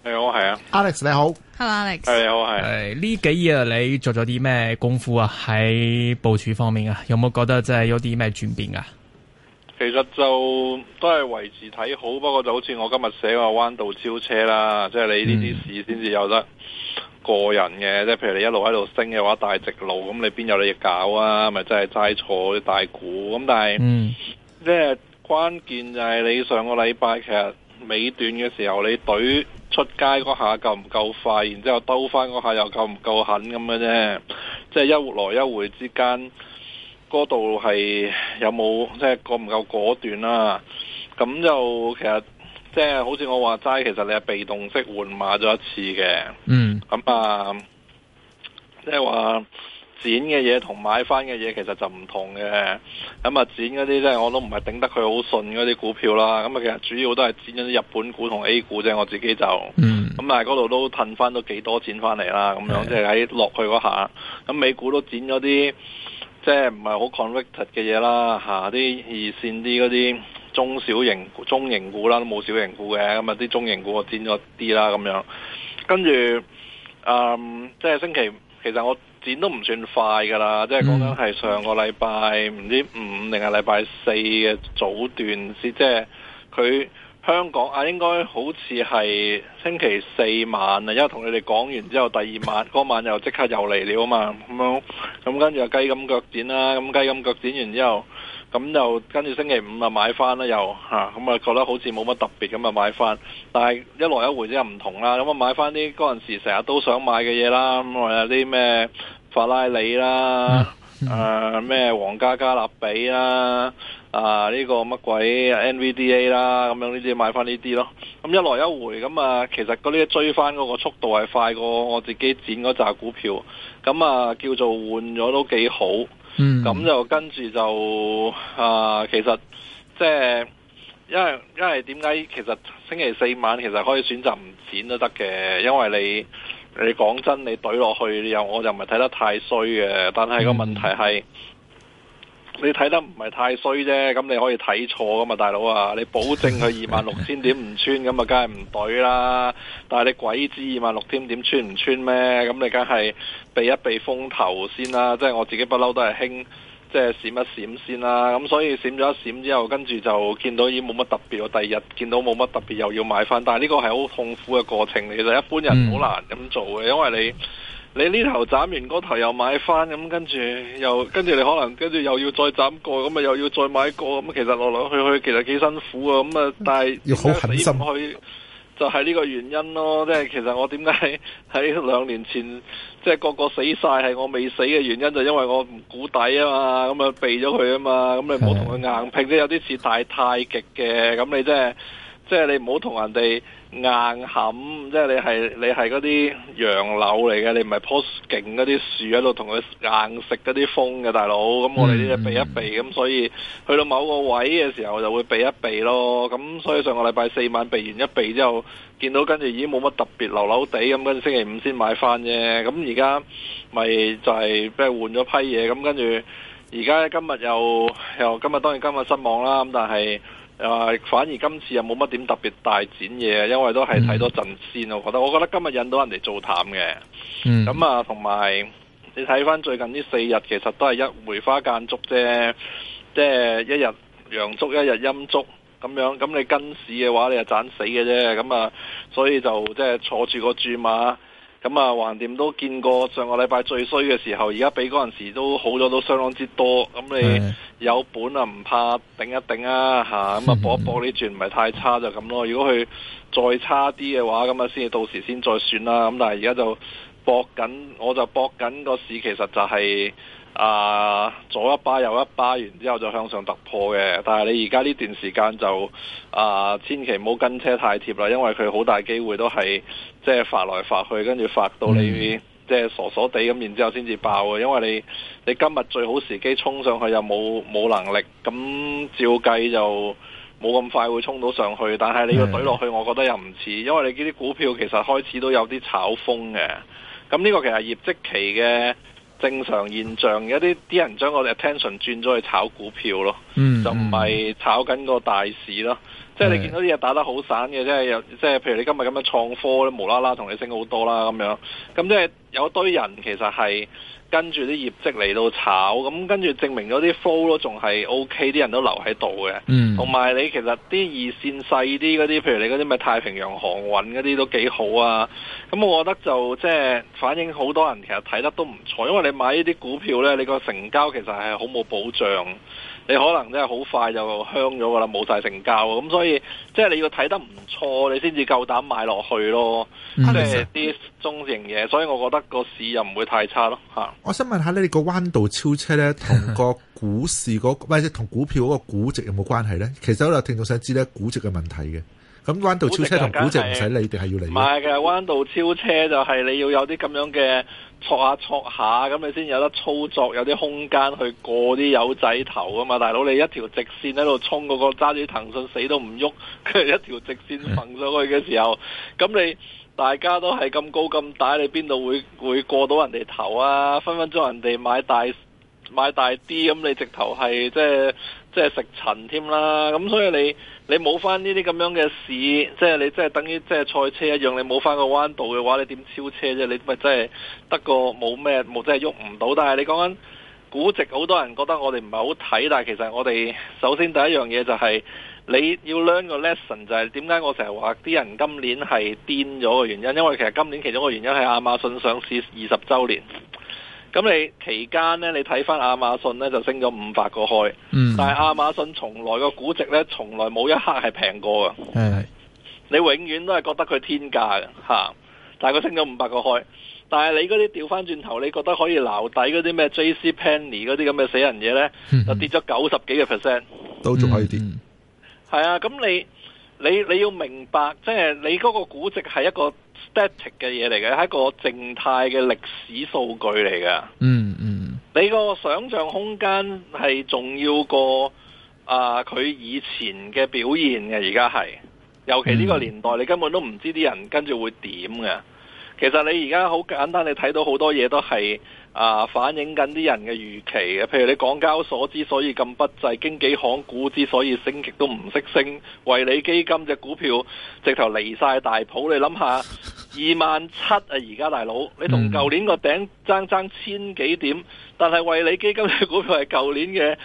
Alex, 你好，係啊 Hello ,，Alex hey, 你好，h e l l o Alex，你好係。呢幾日你做咗啲咩功夫啊？喺部署方面啊，有冇覺得即係有啲咩轉變啊 ？其實就都係維持睇好，不過就好似我今日寫話彎道超車啦，即係你呢啲事先至有得過人嘅。即係譬如你一路喺度升嘅話，大直路咁，你邊有你嘢搞啊？咪真係齋坐啲大股咁，但係、嗯、 即係關鍵就係你上個禮拜其實尾段嘅時候你懟出街嗰下夠唔夠快，然之後兜翻嗰下又夠唔夠狠咁嘅啫，即係一來一回之間，嗰度係有冇即係夠唔夠果斷啦？咁就其實即係好似我話齋，其實你係被動式換馬咗一次嘅。嗯，咁啊，即係話。剪嘅嘢同買翻嘅嘢其實就唔同嘅。咁啊，剪嗰啲即係我都唔係頂得佢好順嗰啲股票啦。咁啊，其實主要都係剪咗啲日本股同 A 股啫。我自己就咁啊，嗰度、嗯、都褪翻咗幾多錢翻嚟啦。咁樣即係喺落去嗰下，咁美股都剪咗啲即係唔係好 conviction 嘅嘢啦，嚇啲二線啲嗰啲中小型中型股啦，都冇小型股嘅，咁啊，啲中型股我剪咗啲啦，咁樣跟住嗯，即係星期其實我。剪都唔算快㗎啦，即係講緊係上個禮拜唔知五定係禮拜四嘅早段先，即係佢香港啊，應該好似係星期四晚啊，因為同你哋講完之後第二晚嗰、那個、晚又即刻又嚟了啊嘛，咁樣咁跟住啊雞咁腳剪啦，咁雞咁腳剪完之後。咁就跟住星期五啊買翻啦又嚇，咁啊覺得好似冇乜特別咁啊買翻，但係一來一回又唔同啦，咁啊買翻啲嗰陣時成日都想買嘅嘢啦，咁啊有啲咩法拉利啦，誒咩皇家加勒比啦，啊呢個乜鬼 NVDA 啦，咁樣呢啲買翻呢啲咯，咁一來一回咁啊，其實嗰啲追翻嗰個速度係快過我自己剪嗰扎股票，咁啊叫做換咗都幾好。嗯，咁就跟住就啊，其實即係，因為因為點解其實星期四晚其實可以選擇唔剪都得嘅，因為你你講真你懟落去又，我又唔係睇得太衰嘅，但係個問題係。嗯你睇得唔係太衰啫，咁你可以睇錯噶嘛，大佬啊！你保證佢二萬六千點唔穿咁啊，梗係唔對啦。但係你鬼知二萬六千點穿唔穿咩？咁你梗係避一避風頭先啦。即係我自己不嬲都係輕，即係閃一閃先啦。咁所以閃咗一閃之後，跟住就見到已經冇乜特別。我第二日見到冇乜特別，又要買翻。但係呢個係好痛苦嘅過程嚟，其實一般人好難咁做嘅，因為你。嗯你呢頭斬完嗰頭又買翻咁，跟住又跟住你可能跟住又要再斬過，咁啊，又要再買過，咁其實落落去去其實幾辛苦啊！咁啊，但係要好狠心，就係、是、呢個原因咯。即係其實我點解喺喺兩年前即係、就是、個個死晒，係我未死嘅原因，就是、因為我唔估底啊嘛，咁啊避咗佢啊嘛，咁你唔好同佢硬拼，有太太你有啲似打太極嘅，咁、就是、你即係即係你唔好同人哋。硬冚，即係你係你係嗰啲楊柳嚟嘅，你唔係棵勁嗰啲樹喺度同佢硬食嗰啲風嘅大佬，咁我哋呢就避一避，咁、嗯、所以去到某個位嘅時候就會避一避咯。咁所以上個禮拜四晚避完一避之後，見到跟住已經冇乜特別流流地咁，跟住星期五先買翻啫。咁而家咪就係咩換咗批嘢，咁跟住而家今日又又今日當然今日失望啦，咁但係。啊、呃，反而今次又冇乜點特別大展嘢，因為都係睇到陣先。嗯、我覺得，我覺得今日引到人哋做淡嘅，咁、嗯、啊，同埋你睇翻最近呢四日，其實都係一梅花間竹啫，即、就、係、是、一日陽燭，一日陰燭咁樣，咁你跟市嘅話，你就盞死嘅啫，咁啊，所以就即係、就是、坐住個注馬。咁啊，橫掂、嗯、都見過上個禮拜最衰嘅時候，而家比嗰陣時都好咗都相當之多。咁、嗯、你有本啊，唔怕頂一頂啊，嚇、啊！咁啊，啊，搏一搏呢轉唔係太差就咁咯。如果佢再差啲嘅話，咁啊先至到時先再算啦。咁、嗯、但係而家就搏緊，我就搏緊個市，其實就係、是。啊，左一巴右一巴，然之後就向上突破嘅。但係你而家呢段時間就啊，千祈唔好跟車太貼啦，因為佢好大機會都係即係發來發去，跟住發到你即係、就是、傻傻地咁，然之後先至爆嘅。因為你你今日最好時機衝上去又冇冇能力，咁照計就冇咁快會衝到上去。但係你個隊落去，我覺得又唔似，的因為你呢啲股票其實開始都有啲炒風嘅。咁呢個其實業績期嘅。正常現象，有啲啲人將我哋 attention 轉咗去炒股票咯，嗯嗯嗯，就唔係炒緊個大市咯。即係你見到啲嘢打得好散嘅，即係又即係譬如你今日咁樣創科都無啦啦同你升好多啦咁樣，咁即係有一堆人其實係。跟住啲業績嚟到炒，咁跟住證明咗啲 flow 都仲係 OK，啲人都留喺度嘅。嗯，同埋你其實啲二線細啲嗰啲，譬如你嗰啲咩太平洋航運嗰啲都幾好啊。咁我覺得就即係反映好多人其實睇得都唔錯，因為你買呢啲股票呢，你個成交其實係好冇保障。你可能真係好快就香咗噶啦，冇晒成交，咁所以即係你要睇得唔錯，你先至夠膽買落去咯。即係啲中型嘢，所以我覺得個市又唔會太差咯。吓，我想問下你哋個彎道超車咧，同個股市嗰、唔係、 即同股票嗰個估值有冇關係咧？其實我有聽到想知咧，估值嘅問題嘅。咁彎道超車同估值唔使你哋係要嚟，唔係嘅彎道超車就係你要有啲咁樣嘅挫下挫下咁，你先有得操作，有啲空間去過啲友仔頭啊嘛。大佬你一條直線喺度衝嗰個揸住騰訊死都唔喐，跟住一條直線行上去嘅時候，咁的你大家都係咁高咁大，你邊度會會過到人哋頭啊？分分鐘人哋買大。買大啲咁，你直頭係即係即係食塵添啦。咁所以你你冇翻呢啲咁樣嘅市，即係你即係等於即係賽車一樣，你冇翻個彎道嘅話，你點超車啫？你咪即係得個冇咩，冇真係喐唔到。但係你講緊估值，好多人覺得我哋唔係好睇，但係其實我哋首先第一樣嘢就係、是、你要 learn 個 lesson，就係點解我成日話啲人今年係癲咗嘅原因，因為其實今年其中個原因係亞馬遜上市二十週年。咁你期間咧，你睇翻亞馬遜咧就升咗五百個開，但係亞馬遜從來個估值咧，從來冇一刻係平過嘅，你永遠都係覺得佢天價嘅吓，但係佢升咗五百個開，但係你嗰啲掉翻轉頭，你覺得可以撈底嗰啲咩 J C Penny 嗰啲咁嘅死人嘢咧，就跌咗九十幾個 percent 都仲可以跌，係啊，咁、嗯嗯、你你你要明白，即、就、係、是、你嗰個估值係一個。Static 嘅嘢嚟嘅，係一個靜態嘅歷史數據嚟嘅。嗯嗯、mm，hmm. 你個想象空間係重要過啊！佢、呃、以前嘅表現嘅，而家係，尤其呢個年代，你根本都唔知啲人跟住會點嘅。其實你而家好簡單，你睇到好多嘢都係。啊！反映緊啲人嘅預期嘅，譬如你港交所之所以咁不濟，經紀行股之所以升極都唔識升，惠理基金隻股票直頭離晒大譜，你諗下二萬七啊！而家大佬，你同舊年個頂爭爭千幾點，嗯、但係惠理基金隻股票係舊年嘅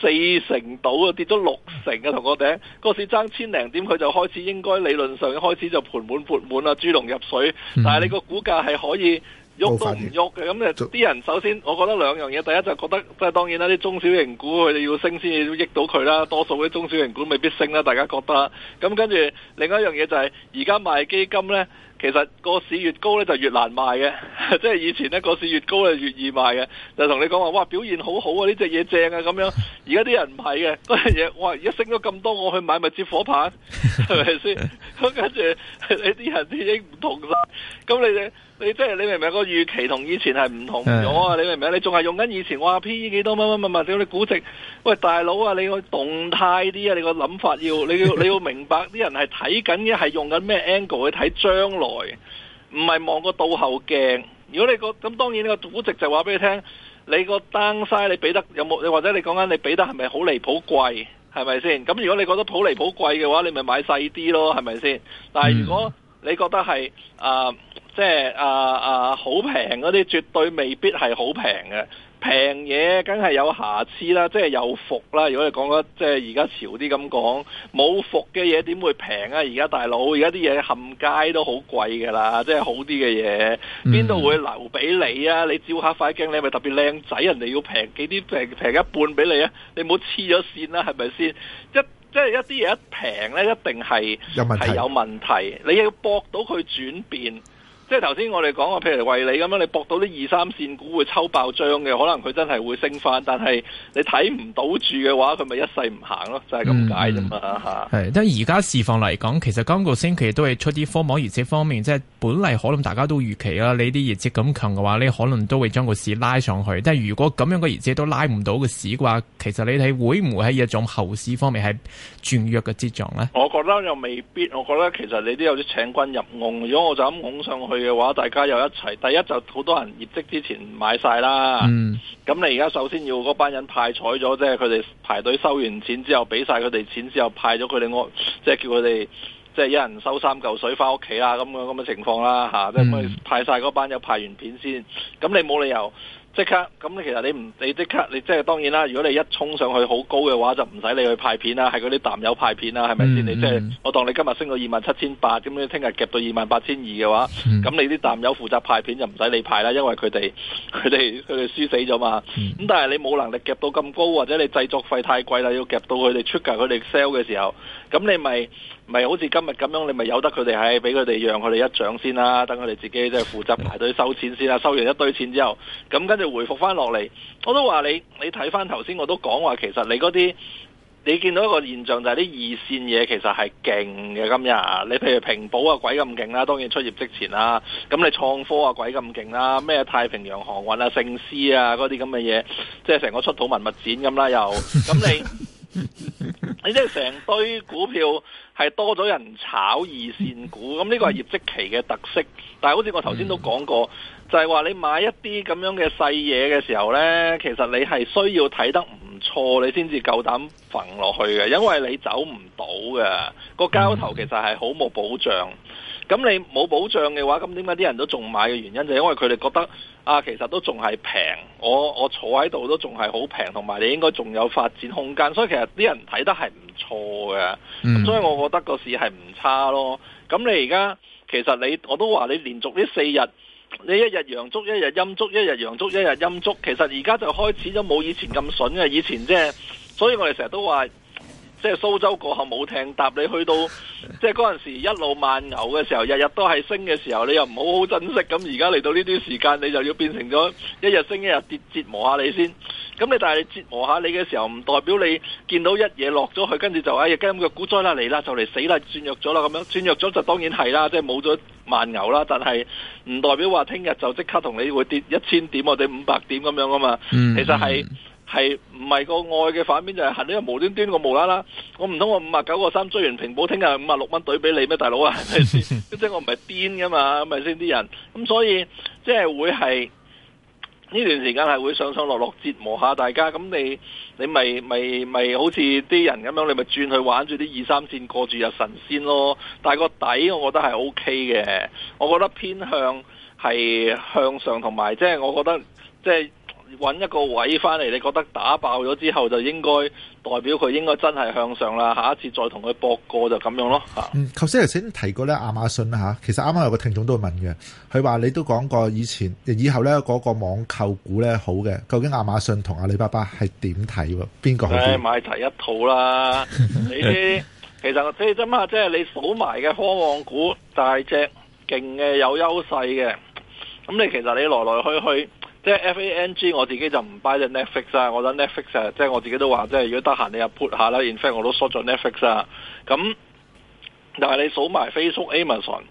四成度啊，跌咗六成啊！同個頂，嗰個市爭千零點，佢就開始應該理論上開始就盤滿缽滿啦，豬籠入水，但係你個股價係可以。喐都唔喐嘅。咁咧啲人首先，我覺得兩樣嘢，第一就覺得即係當然啦，啲中小型股佢哋要升先益到佢啦，多數啲中小型股未必升啦，大家覺得。咁跟住另一樣嘢就係而家賣基金呢，其實個市越高呢就越難賣嘅， 即係以前呢個市越高就越易賣嘅，就同你講話，哇表現好好啊，呢隻嘢正啊，咁樣，而家啲人唔係嘅嗰陣嘢，哇而家升咗咁多我去買咪、就係、接火棒係咪先？咁跟住呢啲人已經唔同啦，咁你哋。你即係你明唔明個預期同以前係唔同咗啊？你明唔明？你仲係用緊以前話 PE 幾多蚊蚊蚊蚊？屌你估值！喂，大佬啊，你個動態啲啊！你個諗法要你要你要明白啲人係睇緊嘅係用緊咩 angle 去睇將來，唔係望個倒後鏡。如果你個咁，當然呢個估值就話俾你聽，你個 downside 你俾得有冇？你或者你講緊你俾得係咪好離譜貴？係咪先？咁如果你覺得好離譜貴嘅話，你咪買細啲咯，係咪先？但係如果你覺得係、嗯、啊。即係啊啊好平嗰啲，絕對未必係好平嘅。平嘢梗係有瑕疵啦，即係有伏啦。如果你講咗，即係而、嗯、家潮啲咁講，冇伏嘅嘢點會平啊？而家大佬，而家啲嘢冚街都好貴噶啦。即係好啲嘅嘢，邊度會留俾你啊？你照下塊鏡，你係咪特別靚仔？人哋要平幾啲平平一半俾你啊？你唔好黐咗線啦，係咪先？一即係一啲嘢一平咧，一定係有問題。有問題，你要搏到佢轉變。即係頭先我哋講過，譬如為你咁樣，你博到啲二三線股會抽爆張嘅，可能佢真係會升翻。但係你睇唔到住嘅話，佢咪一世唔行咯，就係咁解啫嘛嚇。係、嗯啊，但而家市況嚟講，其實今個星期都係出啲科網業績方面，即係本嚟可能大家都預期啦。你啲業績咁強嘅話，你可能都會將個市拉上去。但係如果咁樣嘅業績都拉唔到個市嘅話，其實你睇會唔會係一種後市方面係轉弱嘅跡象呢？我覺得又未必。我覺得其實你都有啲請君入瓮。如果我就咁拱上去嘅話，大家又一齊，第一就好多人業績之前買晒啦。咁、嗯、你而家首先要嗰班人派彩咗，即係佢哋排隊收完錢之後，俾晒佢哋錢之後，派咗佢哋屋，即、就、係、是、叫佢哋即係一人收三嚿水返屋企啦。咁樣咁嘅情況啦，吓、啊，即係、嗯、派晒嗰班人又派完片先。咁你冇理由。即刻咁，你其實你唔你，你即刻你即係當然啦。如果你一衝上去好高嘅話，就唔使你去派片啦，係嗰啲淡友派片啦，係咪先？嗯、你即係我當你今日升到二萬七千八，咁樣聽日夾到二萬八千二嘅話，咁、嗯、你啲淡友負責派片就唔使你派啦，因為佢哋佢哋佢哋輸死咗嘛。咁、嗯、但係你冇能力夾到咁高，或者你製作費太貴啦，要夾到佢哋出㗎，佢哋 sell 嘅時候。咁你咪咪好似今日咁樣，你咪由得佢哋喺，俾佢哋讓佢哋一掌先啦、啊，等佢哋自己即係負責排隊收錢先啦、啊，收完一堆錢之後，咁跟住回覆翻落嚟。我都話你，你睇翻頭先，我都講話其實你嗰啲，你見到一個現象就係啲二線嘢其實係勁嘅今日。你譬如平保啊，鬼咁勁啦，當然出業績前啦、啊。咁你創科啊，鬼咁勁啦，咩太平洋航運啊、勝獅啊嗰啲咁嘅嘢，即係成個出土文物展咁啦、啊、又。咁你。 你即係成堆股票係多咗人炒二線股，咁呢個係業績期嘅特色。但係好似我頭先都講過，就係話你買一啲咁樣嘅細嘢嘅時候呢，其實你係需要睇得唔錯，你先至夠膽瞓落去嘅，因為你走唔到嘅個交投其實係好冇保障。咁你冇保障嘅話，咁點解啲人都仲買嘅原因就係因為佢哋覺得啊，其實都仲係平，我我坐喺度都仲係好平，同埋你應該仲有發展空間，所以其實啲人睇得係唔錯嘅。所以我覺得個市係唔差咯。咁你而家其實你我都話你連續呢四日，你一日陽足，一日陰足，一日陽足，一日陰足，其實而家就開始咗冇以前咁筍嘅，以前即係，所以我哋成日都話。即係蘇州過後冇艇搭，搭你去到即係嗰陣時一路慢牛嘅時候，日日都係升嘅時候，你又唔好好珍惜，咁而家嚟到呢段時間，你就要變成咗一日升一日跌，折磨下你先。咁你但係折磨下你嘅時候，唔代表你見到一夜落咗去，跟住就係日咁嘅股災啦嚟啦，就嚟死啦，轉弱咗啦，咁樣轉弱咗就當然係啦、啊，即係冇咗慢牛啦，但係唔代表話聽日就即刻同你會跌一千點或者五百點咁樣啊嘛。其實係。嗯嗯係唔係個愛嘅反面就係行呢個無端端，無端，端我無啦啦我唔通，我五啊九個三追完平保聽日五啊六蚊懟俾你咩大佬啊，係咪先，即係我唔係癲噶嘛，係咪先啲人咁。所以即係會係呢段時間係會上上落落折磨下大家咁，你你咪咪咪好似啲人咁樣，你咪轉去玩住啲二三線過住日神仙咯。但係個底我覺得係 O K 嘅，我覺得偏向係向上同埋，即係我覺得即係。即係即係搵一個位翻嚟，你覺得打爆咗之後就應該代表佢應該真係向上啦，下一次再同佢搏過就咁樣咯。嗯，頭先頭先提過呢亞馬遜吓，其實啱啱有個聽眾都會問嘅，佢話你都講過以前以後呢嗰那個網購股呢好嘅，究竟亞馬遜同阿里巴巴係點睇？邊個好？誒，買齊一套啦， 你啲其實即係點啊？即係你數埋嘅科網股大隻勁嘅有優勢嘅，咁你其實你來來去去。即係 F A N G，我自己就唔 buy 隻 Netflix 啊！我覺得 Netflix 啊，即係我自己都話，即係如果得閒你又 put 下啦。In fact 我都 s r 鎖咗 Netflix 啊。咁但係你數埋 Facebook、Amazon、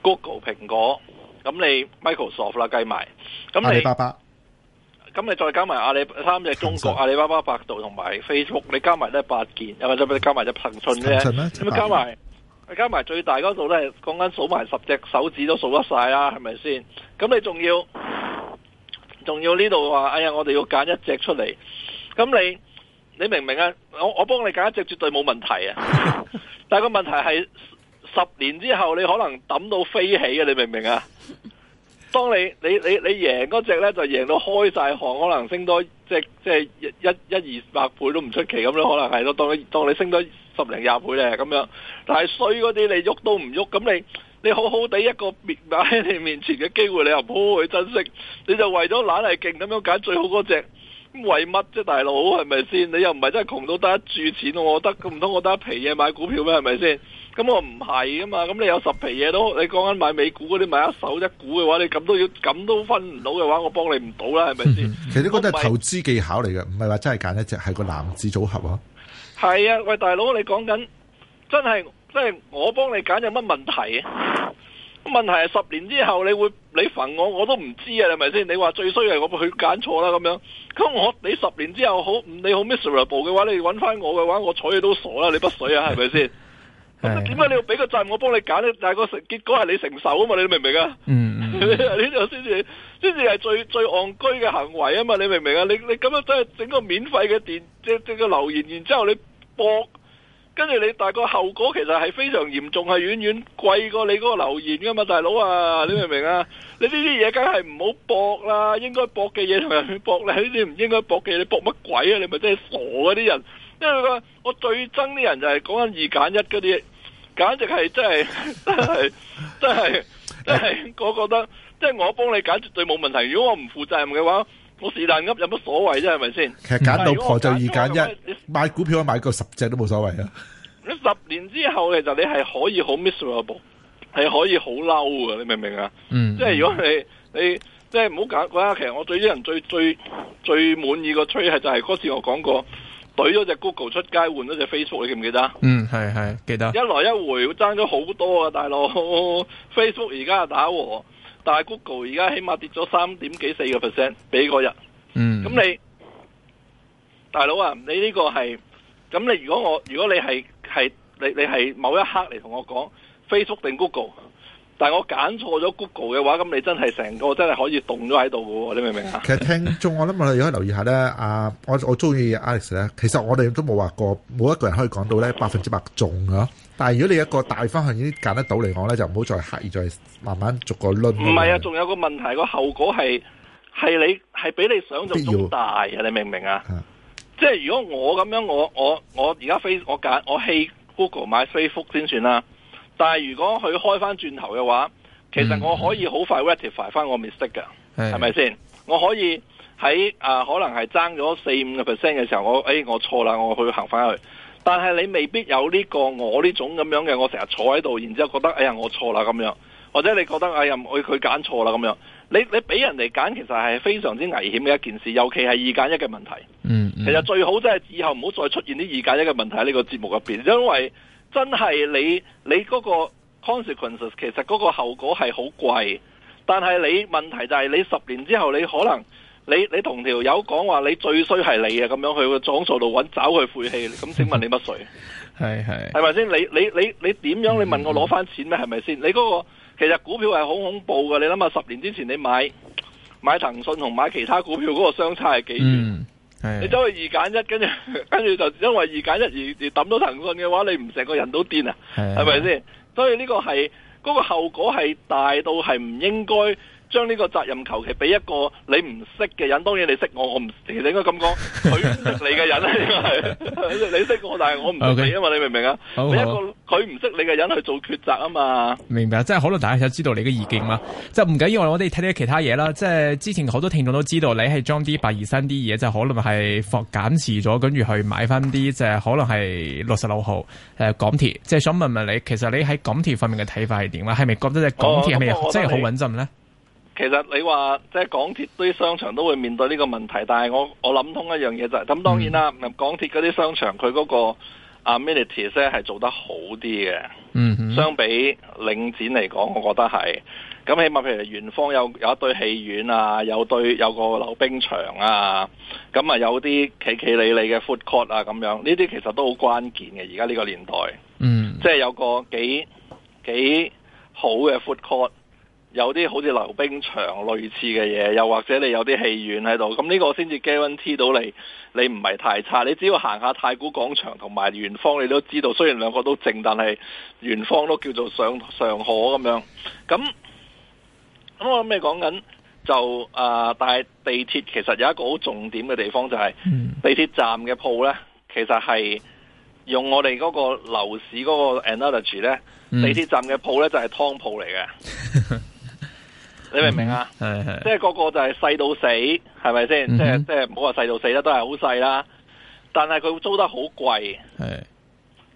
Google、蘋果，咁你 Microsoft 啦計埋，咁你，咁你再加埋阿里三隻中國上阿里巴巴、百度同埋 Facebook，你加埋都係八件，又或者咪加埋隻騰訊啫。咁咪加埋，加埋最大嗰度咧，講緊數埋十隻手指都數得晒啦，係咪先？咁你仲要？仲要呢度話，哎呀，我哋要揀一隻出嚟，咁你你明唔明啊？我我幫你揀一隻絕對冇問題啊，但係個問題係十年之後你可能抌到飛起啊！你明唔明啊？當你你你你贏嗰隻咧就贏到開晒汗，可能升多即係即係一一一二百倍都唔出奇咁咯，樣可能係咯，當你當你升多十零廿倍咧咁樣，但係衰嗰啲你喐都唔喐，咁你。你好好地一個跌埋喺你面前嘅機會，你又唔好去珍惜，你就為咗懶係勁咁樣揀最好嗰隻，咁為乜啫，大佬係咪先？你又唔係真係窮到得一注錢，我覺得，咁唔通我得一皮嘢買股票咩？係咪先？咁我唔係噶嘛，咁你有十皮嘢都好，你講緊買美股嗰啲買一手一股嘅話，你咁都要咁都分唔到嘅話，我幫你唔到啦，係咪先？其實你覺得係投資技巧嚟嘅，唔係話真係揀一隻，係個籃子組合啊。係啊，喂，大佬，你講緊真係真係我幫你揀有乜問題啊？問題係十年之後你會你煩我我都唔知啊，係咪先？你話最衰係我佢揀錯啦咁樣，咁我你十年之後好你好 miserable 嘅話，你揾翻我嘅話，我睬你都傻啦，你不水啊，係咪先？咁點解你要俾個責任我幫你揀咧？但係個成結果係你承受啊嘛，你明唔明啊？嗯、mm，呢度先至先至係最最戇居嘅行為啊嘛，你明唔明啊？你你咁樣即係整個免費嘅電即即個留言，然之後你博。跟住你，但係個後果其實係非常嚴重，係遠遠貴過你嗰個留言噶嘛，大佬啊，你明唔明啊？你呢啲嘢梗係唔好搏啦，應該搏嘅嘢，同人去搏。你呢啲唔應該搏嘅嘢，你搏乜鬼啊？你咪真係傻嗰啊啲人。因為個我最憎啲人就係講緊二揀一嗰啲，簡直係真係真係真係，真係我覺得，即係我幫你揀絕對冇問題。如果我唔負責任嘅話。我是但噏，有乜所謂啫？係咪先？其實揀老婆就易揀一，一你一買股票啊買過十隻都冇所謂啊！你十年之後其實、就是、你係可以好 miserable 係可以好嬲啊！你明唔明啊？嗯，即係如果你你即係唔好講嗰其實我最啲人最最最滿意個趨勢就係、是、嗰次我講過，懟咗隻 Google 出街，換咗隻 Facebook，你記唔記得啊？嗯，係係記得。嗯、記得一來一回爭咗好多啊！大佬 ，Facebook 而家打和。但係 Google 而家起碼跌咗三點幾四個 percent，俾嗰日。嗯，咁你大佬啊，你呢個係咁？你如果我如果你係係你你係某一刻嚟同我講 Facebook 定 Google，但係我揀錯咗 Google 嘅話，咁你真係成個真係可以凍咗喺度嘅喎，你明唔明啊？其實聽眾，我諗我哋可以留意下咧。阿、 啊、我我中意 Alex 咧，其實我哋都冇話過，冇一個人可以講到咧百分之百中㗎。但係如果你一個大方向已經揀得到嚟講咧，就唔好再刻意再慢慢逐個輪。唔係啊，仲有個問題，個後果係係你係比你想像中大啊！要你明唔明啊？啊即係如果我咁樣，我我我而家飛我揀我棄 Google 買 Facebook 先算啦。但係如果佢開翻轉頭嘅話，其實我可以好快 rectify 翻我 miss 嘅，係咪先？吧的我可以喺啊、呃、可能係爭咗四五個 percent 嘅時候，我哎我錯啦，我去行翻去。但係你未必有呢個我呢種咁樣嘅，我成日坐喺度，然之後覺得哎呀我錯啦咁樣，或者你覺得哎呀佢佢揀錯啦咁樣，你你俾人哋揀其實係非常之危險嘅一件事，尤其係二揀一嘅問題。嗯嗯，其實最好即係以後唔好再出現啲二揀一嘅問題喺呢個節目入邊，因為真係你你嗰個 consequences 其實嗰個後果係好貴，但係你問題就係你十年之後你可能。你你同條友講話，你最衰係你啊，咁樣去個莊數度搵找佢晦氣，咁請問你乜水？係係係咪先？你你你你點樣？你問我攞翻錢咩？係咪先？你嗰、那個其實股票係好恐怖噶，你諗下十年之前你買買騰訊同買其他股票嗰個相差係幾遠？嗯、你走去二揀一，跟住跟住就因為二揀一而而抌到騰訊嘅話，你唔成個人都癲啊？係咪先？是所以呢個係嗰、那個後果係大到係唔應該。將呢個責任求其俾一個你唔識嘅人，當然你識我，我唔其實應該咁講，佢唔識你嘅人咧， 因為你識我，但係我唔識你啊嘛，Okay. 你明唔明啊？一個佢唔識你嘅人去做抉擇啊嘛，明白，即係可能大家想知道你嘅意見啦，就唔緊要，我哋睇啲其他嘢啦。即係之前好多聽眾都知道你係裝啲八二三啲嘢，就看看2，可能係放減持咗，跟住去買翻啲，就係可能係六十六號誒港鐵。即係想問問你，其實你喺港鐵方面嘅睇法係點啊？係咪覺得港鐵係咪真係好穩陣咧？哦嗯嗯嗯嗯其實你話即係港鐵啲商場都會面對呢個問題，但係我我諗通一樣嘢就係、是，咁當然啦，mm hmm. 港鐵嗰啲商場佢嗰個 amenities 咧係做得好啲嘅，嗯、mm，hmm. 相比領展嚟講，我覺得係，咁起碼譬如圓方有有一對戲院啊，有對有個溜冰場啊，咁啊有啲企企理理嘅 food court 啊咁樣，呢啲其實都好關鍵嘅，而家呢個年代，嗯、mm，hmm. 即係有個幾幾好嘅 food court。有啲好似溜冰場類似嘅嘢，又或者你有啲戲院喺度，咁呢個先至 guarantee 到你，你唔係太差。你只要行下太古廣場同埋圓方，你都知道。雖然兩個都靜，但係圓方都叫做上尚可咁樣。咁咁我諗你講緊，就啊、呃，但係地鐵其實有一個好重點嘅地方就係、是嗯、地鐵站嘅鋪呢，其實係用我哋嗰個樓市嗰個 analogy 呢，嗯、地鐵站嘅鋪呢，就係湯鋪嚟嘅。 你明唔明啊？係係、嗯，即係個個就係細到死，係咪先？即係即係唔好話細到死啦，都係好細啦。但係佢租得好貴，係是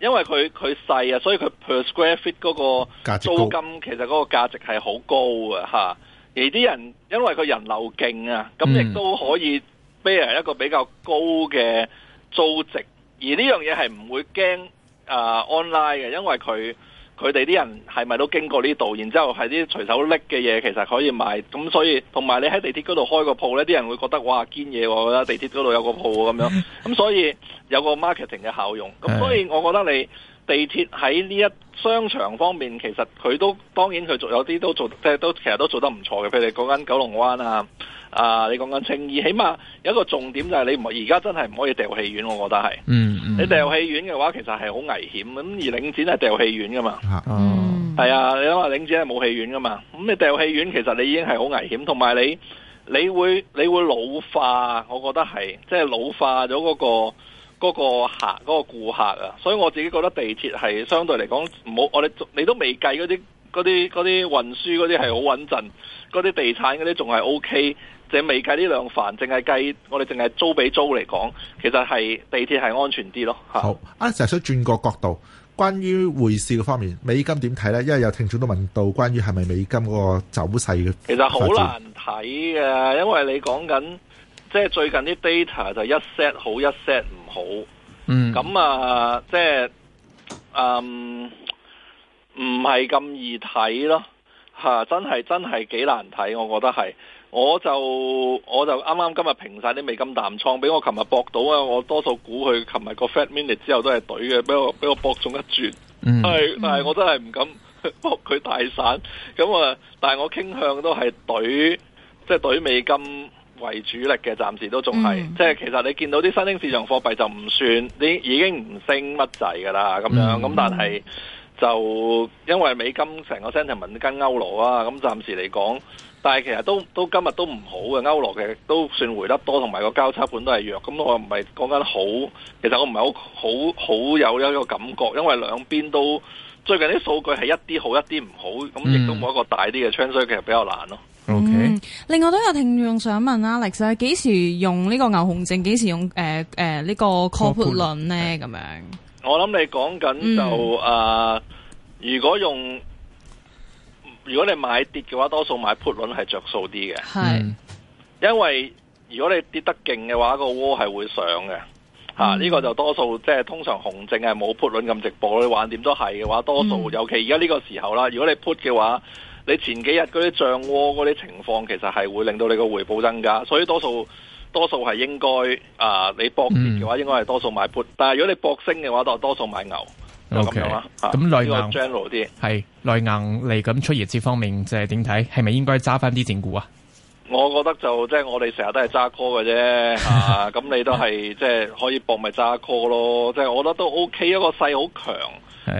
因為佢佢細啊，所以佢 per square feet 嗰個租金其實嗰個價值係好高啊。吓。而啲人因為佢人流勁啊，咁亦都可以孭嚟一個比較高嘅租值。嗯、而呢樣嘢係唔會驚啊、呃、online 嘅，因為佢。佢哋啲人係咪都經過呢度？然之後係啲隨手拎嘅嘢，其實可以賣。咁所以同埋你喺地鐵嗰度開個鋪呢，啲人會覺得哇堅嘢喎！我覺得地鐵嗰度有個鋪咁樣。咁所以有個 marketing 嘅效用。咁所以我覺得你。地鐵喺呢一商場方面，其實佢都當然佢做有啲都做，即係都其實都做得唔錯嘅。譬如你講緊九龍灣啊，啊你講緊青衣，起碼有一個重點就係你唔而家真係唔可以掉戲院，我覺得係。嗯。嗯你掉戲院嘅話，其實係好危險。咁而領展係掉戲院㗎嘛？嚇。嗯。係啊，你諗下領展係冇戲院㗎嘛？咁，嗯，你掉戲院其實你已經係好危險，同埋你你會你會，你會老化，我覺得係，即係老化咗嗰、那個。嗰個客嗰個顧客啊，所以我自己覺得地鐵係相對嚟講唔好，我哋，你都未計嗰啲嗰啲嗰啲運輸嗰啲係好穩陣嗰啲地產嗰啲仲係 OK，即係未計呢兩範，淨係計，我哋淨係租俾租嚟講，其實係地鐵係安全啲咯。好，是啊成日想轉個角度，關於匯市方面，美金點睇咧？因為有聽眾都問到關於係咪美金個走勢嘅，其實好難睇嘅，因為你講緊，即係最近啲 data 就一 set 好一 set 好。好，咁、嗯、啊，即係，嗯，唔係咁易睇咯，吓、啊、真係真係幾難睇，我覺得係，我就我就啱啱今日平晒啲美金淡倉，俾我琴日博到啊，我多數估佢琴日個 fat minute 之後都係懟嘅，俾我俾我博中一轉，係、嗯、但係我真係唔敢博佢大散，咁啊，但係我傾向都係懟，即係懟美金。為主力嘅，暫時都仲係，嗯、即係其實你見到啲新興市場貨幣就唔算，你已經唔升乜滯㗎喇咁樣。咁、嗯、但係就因為美金成個 sentiment 跟歐羅啊，咁、嗯、暫時嚟講，但係其實都都今日都唔好嘅歐羅嘅都算回得多，同埋個交叉盤都係弱。咁我又唔係講緊好，其實我唔係好好好有一個感覺，因為兩邊都最近啲數據係一啲好一啲唔好，咁亦都冇一個大啲嘅趨勢，其實比較難咯、啊。嗯 okay. 另外都有聽眾想問 Alex 啊，幾時用呢個牛熊證？幾時用誒誒呢個 call put 輪咧？咁樣我諗你講緊就啊、是嗯呃，如果用如果你買跌嘅話，多數買 put 輪係着數啲嘅。係，嗯、因為如果你跌得勁嘅話，個窩係會上嘅。吓、啊，呢、個就多數、嗯、即係通常熊證係冇 put 輪咁直播。你玩點都係嘅話，多數、嗯、尤其而家呢個時候啦，如果你 put 嘅話。你前幾日嗰啲漲窩嗰啲情況，其實係會令到你個回報增加，所以多數多數係應該啊，你搏跌嘅話，應該係多數買 put、嗯、但係如果你搏升嘅話，就多數買牛。O K，咁內銀啲係內銀嚟緊出熱錢方面，就係點睇？係咪應該揸翻啲正股啊？我覺得就即係、就是、我哋成日都係揸 call 嘅啫，咁、 啊、你都係即係可以搏咪揸 call 咯。即、就、係、是、我覺得都 O、OK, K，一個勢好強，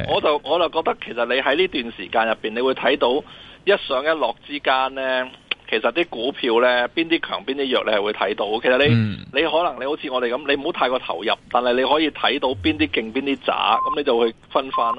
我就的我就覺得其實你喺呢段時間入邊，你會睇到。一上一落之間咧，其實啲股票咧，邊啲強邊啲弱，你係會睇到。其實你、嗯、你可能你好似我哋咁，你唔好太過投入，但係你可以睇到邊啲勁，邊啲渣，咁你就去分翻咯。